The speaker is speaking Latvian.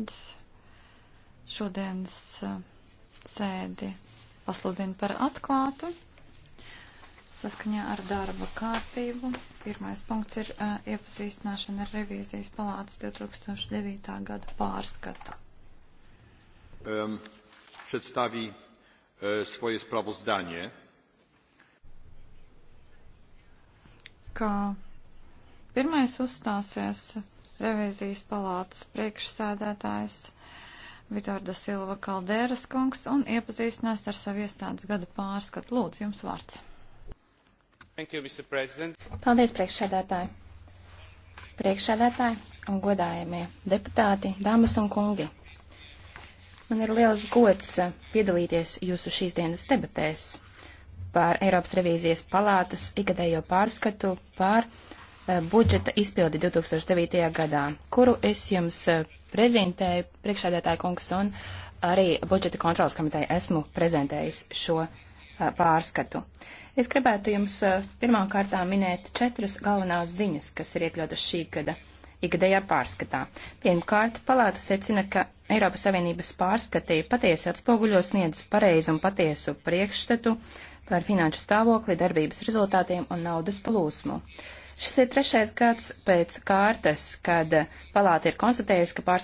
kolēģis. Šodienas eh, sēdi pasludinu par atklātu. Saskaņā ar darba kārtību pirmais punkts ir uh, iepazīstināšana ar revīzijas palātas 2009. gada pārskatu. Um, przedstawi uh, swoje sprawozdanie. Kā pirmais uzstāsies revizijas palātas priekšsēdētājs Vitorda Silva Kalderas kungs un iepazīstinās ar savu iestādes gada pārskatu. Lūdzu, jums vārds. Thank you, Mr. President. Paldies, priekšsēdētāji. Priekšsēdētāji un godājamie deputāti, dāmas un kungi. Man ir liels gods piedalīties jūsu šīs dienas debatēs par Eiropas revīzijas palātas ikgadējo pārskatu par Eh, budžeta izpildi 2009. gadā, kuru es jums eh, prezentēju priekšādētāju kungs un arī budžeta kontrolas komiteja esmu prezentējis šo eh, pārskatu. Es gribētu jums pirmām kārtām minēt četras galvenās ziņas, kas ir iekļautas šī gada ikgadējā pārskatā. Pirmkārt, palāta secina, ka Eiropas Savienības pārskatī patiesi atspoguļo sniedz pareizu un patiesu priekšstatu par finanšu stāvokli, darbības rezultātiem un naudas plūsmu. Šis ir trešais gads pēc kārtas, kad palāta ir konstatējusi, ka pārskatījums